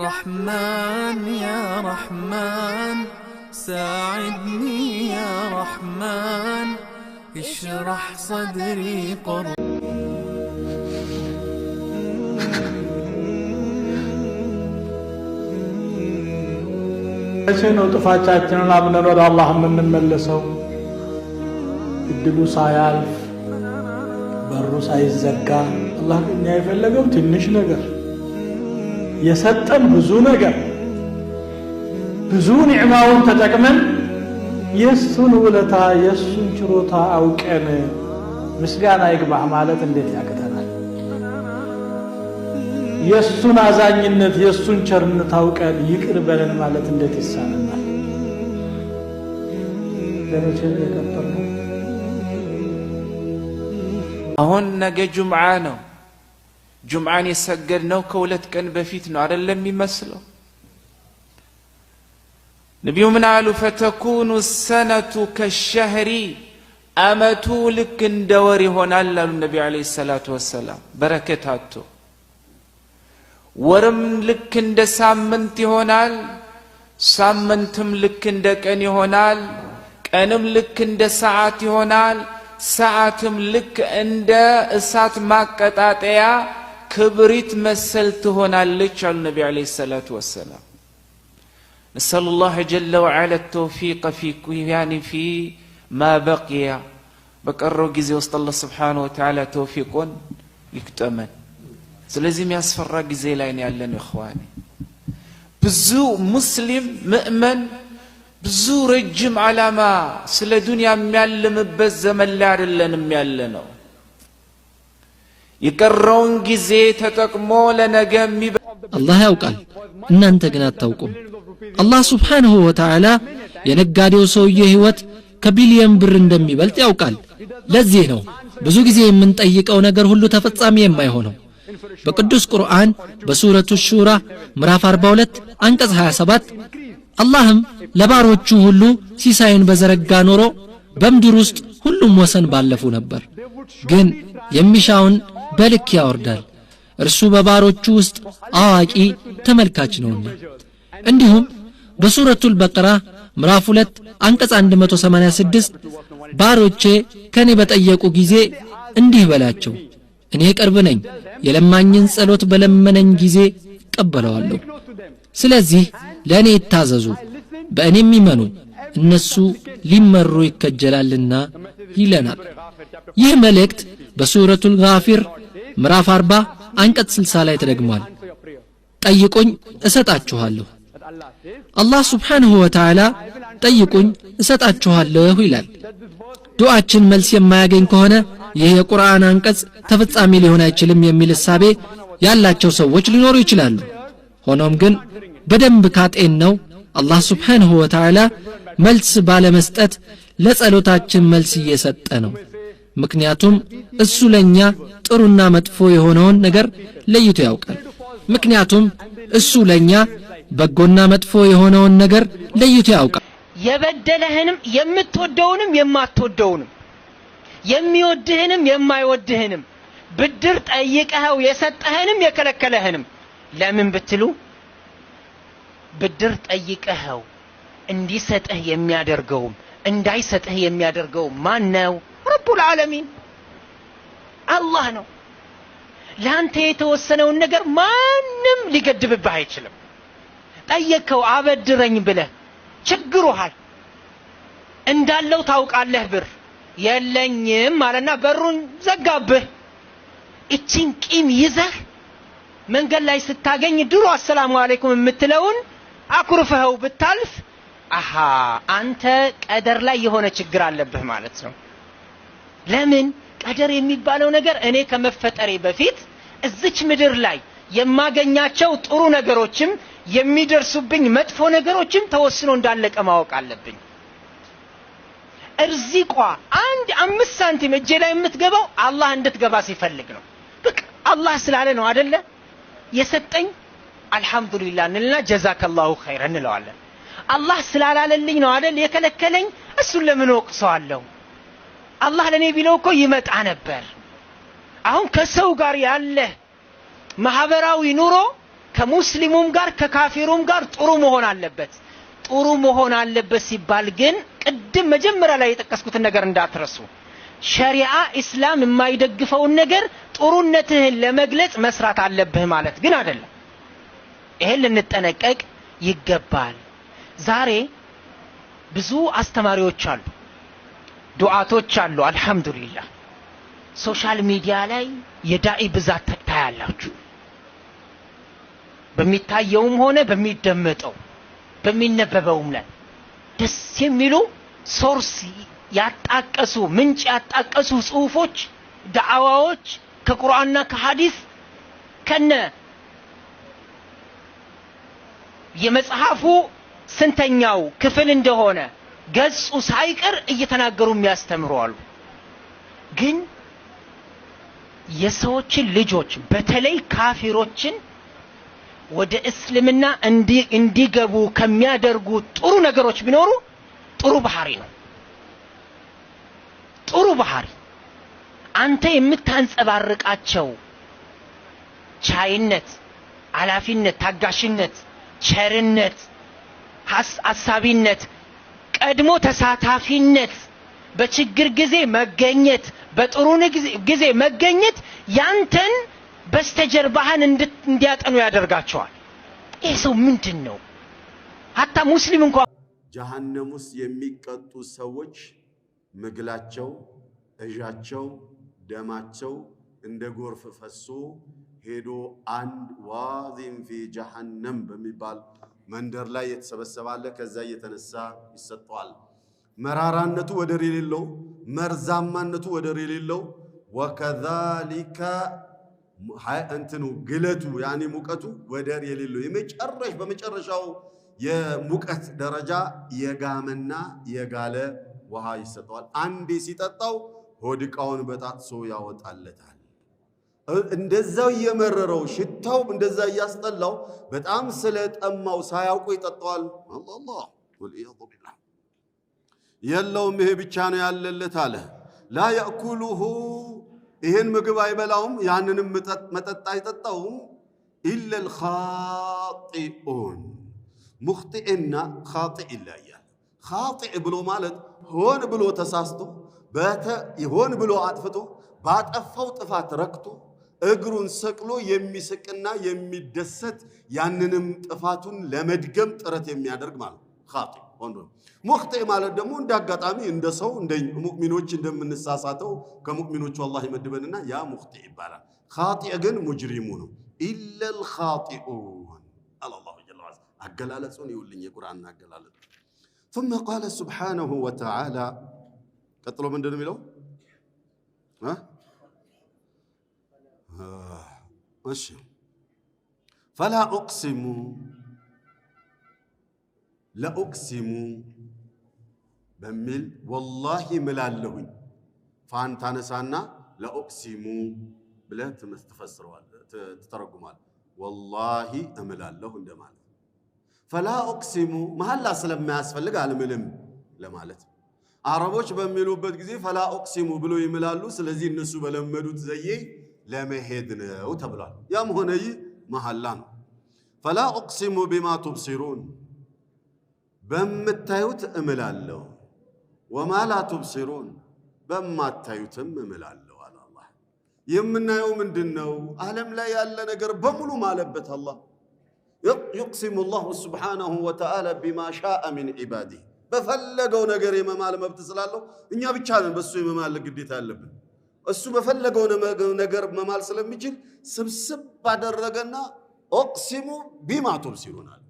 رحمن يا رحمن ساعدني يا رحمن اشرح صدري قرآن መቼ ነው ጥፋቻችንን አምነን ወደ አላህ የምንመለሰው? እድሉ ሳያልፍ በሩ ሳይዘጋ አላህ ከኛ የፈለገው ትንሽ ነገር የሰጠን ብዙ ነገር ብዙ ኒዕማውን ተጠቅመን የእሱን ውለታ የእሱን ችሮታ አውቀን ምስጋና ይግባህ ማለት እንዴት ያቅተናል? የእሱን አዛኝነት የእሱን ቸርነት አውቀን ይቅር በለን ማለት እንዴት ይሳነናል? ለመቼም አሁን ነገ ጁምዓ ነው። ጁምዓን ነው ከሁለት ቀን በፊት ነው አይደለም የሚመስለው። ነቢዩ ምን አሉ? ፈተኩኑ ሰነቱ ከሸህሪ አመቱ ልክ እንደ ወር ይሆናል አሉ ነቢዩ ዓለይሂ ሰላቱ ወሰላም። በረከት አቶ ወርም ልክ እንደ ሳምንት ይሆናል፣ ሳምንትም ልክ እንደ ቀን ይሆናል፣ ቀንም ልክ እንደ ሰዓት ይሆናል፣ ሰዓትም ልክ እንደ እሳት ማቀጣጠያ ክብሪት መሰል ትሆናለች አሉ ነቢ ለ ሰላቱ ወሰላም ነሰሉ ላህ ጀለ ወዓላ ተውፊቀ ፊያኒ ፊ ማ በቅያ በቀረው ጊዜ ውስጥ አላህ ስብሓነሁ ወተዓላ ተውፊቁን ይግጠመን። ስለዚህ የሚያስፈራ ጊዜ ላይ ነው ያለን። እኽዋኔ ብዙ ሙስሊም ምእመን ብዙ ረጅም ዓላማ ስለ ዱንያ የሚያልምበት ዘመን ላይ አይደለንም ያለ ነው። የቀረውን ጊዜ ተጠቅሞ ለነገ የሚበ አላህ ያውቃል፣ እናንተ ግን አታውቁም። አላህ ስብሓንሁ ወተዓላ የነጋዴው ሰውዬ ሕይወት ከቢሊየን ብር እንደሚበልጥ ያውቃል። ለዚህ ነው ብዙ ጊዜ የምንጠይቀው ነገር ሁሉ ተፈጻሚ የማይሆነው። በቅዱስ ቁርአን በሱረቱ ሹራ ምዕራፍ 42 አንቀጽ 27 አላህም ለባሮቹ ሁሉ ሲሳይን በዘረጋ ኖሮ በምድር ውስጥ ሁሉም ወሰን ባለፉ ነበር። ግን የሚሻውን በልክ ያወርዳል። እርሱ በባሮቹ ውስጥ አዋቂ ተመልካች ነውና። እንዲሁም በሱረቱል በቀራ ምዕራፍ 2 አንቀጽ 186 ባሮቼ ከኔ በጠየቁ ጊዜ እንዲህ በላቸው፣ እኔ ቅርብ ነኝ፣ የለማኝን ጸሎት በለመነኝ ጊዜ እቀበለዋለሁ። ስለዚህ ለእኔ ይታዘዙ፣ በእኔም ይመኑ፣ እነሱ ሊመሩ ይከጀላልና ይለናል። ይህ መልእክት በሱረቱል ጋፊር ምዕራፍ 40 አንቀጽ 60 ላይ ተደግሟል። ጠይቁኝ እሰጣችኋለሁ። አላህ ስብሓንሁ ወተዓላ ጠይቁኝ እሰጣችኋለሁ ይላል። ዱዓችን መልስ የማያገኝ ከሆነ ይህ የቁርአን አንቀጽ ተፈጻሚ ሊሆን አይችልም የሚል እሳቤ ያላቸው ሰዎች ሊኖሩ ይችላሉ። ሆኖም ግን በደንብ ካጤን ነው አላህ ስብሓንሁ ወተዓላ መልስ ባለመስጠት ለጸሎታችን መልስ እየሰጠ ነው። ምክንያቱም እሱ ለእኛ ጥሩና መጥፎ የሆነውን ነገር ለይቶ ያውቃል። ምክንያቱም እሱ ለእኛ በጎና መጥፎ የሆነውን ነገር ለይቶ ያውቃል። የበደለህንም የምትወደውንም የማትወደውንም የሚወድህንም የማይወድህንም ብድር ጠይቀኸው የሰጠህንም የከለከለህንም ለምን ብትሉ ብድር ጠይቀኸው እንዲሰጥህ የሚያደርገውም እንዳይሰጥህ የሚያደርገው ማን ነው? ረቡል ዓለሚን አላህ ነው ለአንተ የተወሰነውን ነገር ማንም ሊገድብብህ አይችልም ጠየከው አበድረኝ ብለህ ችግሮሃል እንዳለው ታውቃለህ ብር የለኝም አለና በሩን ዘጋብህ እቺን ቂም ይዘህ መንገድ ላይ ስታገኝ ድሮ አሰላሙ አለይኩም የምትለውን አኩርፈኸው ብታልፍ አሃ አንተ ቀደር ላይ የሆነ ችግር አለብህ ማለት ነው ለምን ቀደር የሚባለው ነገር እኔ ከመፈጠሬ በፊት እዚች ምድር ላይ የማገኛቸው ጥሩ ነገሮችም የሚደርሱብኝ መጥፎ ነገሮችም ተወስኖ እንዳለቀ ማወቅ አለብኝ እርዚቋ አንድ አምስት ሳንቲም እጄ ላይ የምትገባው አላህ እንድትገባ ሲፈልግ ነው በቃ አላህ ስላለ ነው አደለ የሰጠኝ አልሐምዱሊላህ እንልና ጀዛከላሁ ኸይር እንለዋለን አላህ ስላላለልኝ ነው አደል የከለከለኝ እሱን ለምን ወቅሰዋለሁ አላህ ለእኔ ቢለው እኮ ይመጣ ነበር። አሁን ከሰው ጋር ያለ ማህበራዊ ኑሮ ከሙስሊሙም ጋር ከካፊሩም ጋር ጥሩ መሆን አለበት። ጥሩ መሆን አለበት ሲባል ግን ቅድም መጀመሪያ ላይ የጠቀስኩትን ነገር እንዳትረሱ። ሸሪዓ ኢስላም የማይደግፈውን ነገር ጥሩነትህን ለመግለጽ መስራት አለብህ ማለት ግን አይደለም። ይሄን ልንጠነቀቅ ይገባል። ዛሬ ብዙ አስተማሪዎች አሉ። ዱዓቶች አሉ አልሐምዱሊላህ ሶሻል ሚዲያ ላይ የዳኢ ብዛት ታያላችሁ በሚታየውም ሆነ በሚደመጠው በሚነበበውም ላይ ደስ የሚሉ ሶርስ ያጣቀሱ ምንጭ ያጣቀሱ ጽሁፎች ዳዕዋዎች ከቁርአንና ከሀዲስ ከነ የመጽሐፉ ስንተኛው ክፍል እንደሆነ ገጹ ሳይቀር እየተናገሩ የሚያስተምሩ አሉ። ግን የሰዎችን ልጆች በተለይ ካፊሮችን ወደ እስልምና እንዲገቡ ከሚያደርጉ ጥሩ ነገሮች ቢኖሩ ጥሩ ባህሪ ነው። ጥሩ ባህሪ አንተ የምታንጸባርቃቸው ቻይነት፣ አላፊነት፣ ታጋሽነት፣ ቸርነት፣ አሳቢነት ቀድሞ ተሳታፊነት፣ በችግር ጊዜ መገኘት፣ በጥሩ ጊዜ መገኘት ያንተን በስተጀርባህን እንዲያጠኑ ያደርጋቸዋል። ይህ ሰው ምንድን ነው? ሀታ ሙስሊም እንኳ ጀሃነም ውስጥ የሚቀጡ ሰዎች ምግላቸው፣ እዣቸው፣ ደማቸው እንደ ጎርፍ ፈሶ ሄዶ አንድ ዋዚን ፊ ጀሃነም በሚባል መንደር ላይ የተሰበሰባለ ከዛ እየተነሳ ይሰጠዋል። መራራነቱ ወደር የሌለው መርዛማነቱ ወደር የሌለው ወከዛሊከ እንትኑ ግለቱ ያኔ ሙቀቱ ወደር የሌለው የመጨረሽ በመጨረሻው የሙቀት ደረጃ የጋመና የጋለ ውሃ ይሰጠዋል። አንዴ ሲጠጣው ሆድቃውን በጣጥሶ ያወጣለታል። እንደዛው እየመረረው ሽታው እንደዛ እያስጠላው በጣም ስለጠማው ሳያውቁ ይጠጣዋል። አላህ ወልኢያዙ ቢላህ የለውም። ይሄ ብቻ ነው ያለለት አለ። ላ ያእኩሉሁ ይሄን ምግብ አይበላውም፣ ያንንም መጠጥ አይጠጣውም። ኢለል ኻጢኡን ሙኽጢዕና ኻጢዕ ይለያያል። ኻጢዕ ብሎ ማለት ሆን ብሎ ተሳስቶ ሆን ብሎ አጥፍቶ ባጠፋው ጥፋት ረክቶ እግሩን ሰቅሎ የሚስቅና የሚደሰት ያንንም ጥፋቱን ለመድገም ጥረት የሚያደርግ ማለት ኻጢ ወንዱ። ሙኽጢ ማለት ደግሞ እንደ አጋጣሚ እንደ ሰው እንደ ሙእሚኖች እንደምንሳሳተው ከሙእሚኖቹ አላህ ይመድበንና ያ ሙኽጢ ይባላል። ኻጢ ግን ሙጅሪሙ ነው። ኢለል ኻጢኡን አላሁ ጀለ ወዐላ አገላለጹን ይውልኝ የቁርአን አገላለጽ ثم قال سبحانه وتعالى ቀጥሎ ምንድን ነው የሚለው እሺ ፈላ ኦቅሲሙ ለኦቅሲሙ በሚል ወላሂ ምላለሁኝ ፋን ታነሳና ለኡቅሲሙ ብለህ ትፈስረዋል ትተረጉማል። ወላሂ እምላለሁ እንደማለት ፈላ ኡቅሲሙ መሐላ ስለማያስፈልግ አልምልም ለማለት አረቦች በሚሉበት ጊዜ ፈላ ኦቅሲሙ ብሎ ይምላሉ። ስለዚህ እነሱ በለመዱት ዘዬ ለመሄድ ነው ተብሏል። ያም ሆነ ይህ መሐላ ነው። ፈላ ኡቅሲሙ ቢማ ቱብሲሩን በምታዩት እምላለሁ፣ ወማ ላ ቱብሲሩን በማታዩትም እምላለሁ አለ አላህ። የምናየው ምንድን ነው? ዓለም ላይ ያለ ነገር በሙሉ ማለበት አላህ ዩቅሲሙ ላሁ ስብሓነሁ ወተዓላ ቢማ ሻአ ሚን ዒባዲህ በፈለገው ነገር የመማል መብት ስላለው እኛ ብቻ ነን በሱ የመማል ግዴታ ያለብን። እሱ በፈለገው ነገር መማል ስለሚችል ስብስብ ባደረገና ኦቅሲሙ ቢማ ቱብሲሩናል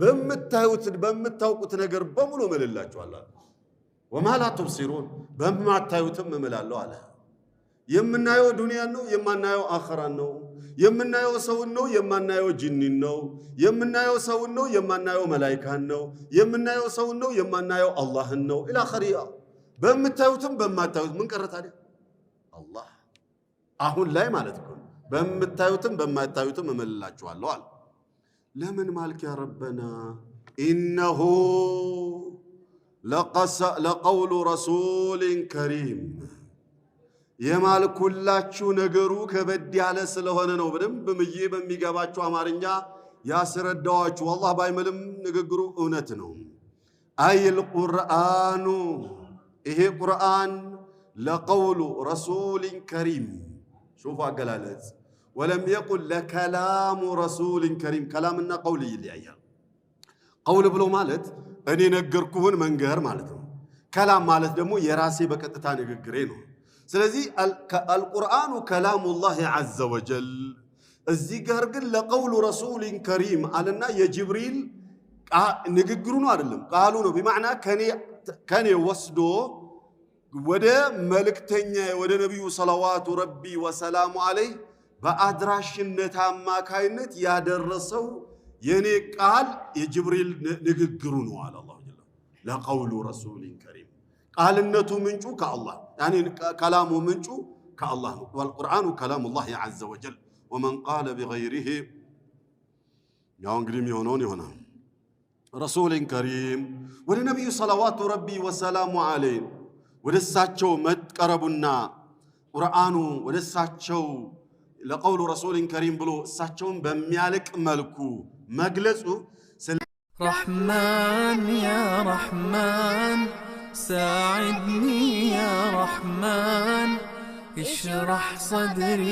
በምታዩት በምታውቁት ነገር በሙሉ እምልላችኋለሁ። ወማላቱም ሲሩን በማታዩትም እምላለሁ አለ። የምናየው ዱንያን ነው፣ የማናየው አኸራን ነው። የምናየው ሰውን ነው፣ የማናየው ጅኒን ነው። የምናየው ሰውን ነው፣ የማናየው መላይካን ነው። የምናየው ሰውን ነው፣ የማናየው አላህን ነው። ኢላ ኸሪያ በምታዩትም በማታዩት ምን ቀረ ታዲያ? አላህ አሁን ላይ ማለት ነው። በምታዩትም በማታዩትም እምልላችኋለሁ አለ። ለምን ማልክ ያ ረበና ኢነሁ ለቀውሉ ረሱልን ከሪም የማልኩላችሁ ነገሩ ከበድ ያለ ስለሆነ ነው። በደንብ ምዬ በሚገባችሁ አማርኛ ያስረዳዋችሁ። አላህ ባይምልም ንግግሩ እውነት ነው። አይል ቁርአኑ ይሄ ቁርአን ለቀውሉ ረሱልን ከሪም ሹፉ አገላለጽ ወለም የቁል ለከላሙ ረሱልን ከሪም ከላምና ቀውል ይለያያል። ቀውል ብሎ ማለት እኔ ነገርኩህን መንገር ማለት ነው። ከላም ማለት ደግሞ የራሴ በቀጥታ ንግግሬ ነው። ስለዚህ አልቁርአኑ ከላሙላህ ዐዘ ወጀል። እዚህ ጋር ግን ለቀውሉ ረሱልን ከሪም አለና የጅብሪል ንግግሩ ነው አይደለም ቃሉ ነው። ቢማዕና ከኔ ወስዶ ወደ መልእክተኛ ወደ ነቢዩ ሰለዋቱ ረቢ ወሰላሙ አለይህ በአድራሽነት አማካይነት ያደረሰው የእኔ ቃል የጅብሪል ንግግሩ ነው አለ አላሁ ጀለ ለቀውሉ ረሱሊን ከሪም ቃልነቱ ምንጩ ከአላህ ከላሙ ምንጩ ከአላህ ነው። ወልቁርአኑ ከላሙላህ ዐዘ ወጀል ወመን ቃለ ቢገይሪህ ያው እንግዲህ የሚሆነውን ይሆናል። ረሱሊን ከሪም ወደ ነቢዩ ሰለዋቱ ረቢ ወሰላሙ አለይህ ወደ እሳቸው መቀረቡና ቁርአኑ ወደ እሳቸው ለቀውሉ ረሱልን ከሪም ብሎ እሳቸውን በሚያልቅ መልኩ መግለጹ ረሕማን ያ ረሕማን ሳዕድኒ ያ ረሕማን እሽራሕ ሰድሪ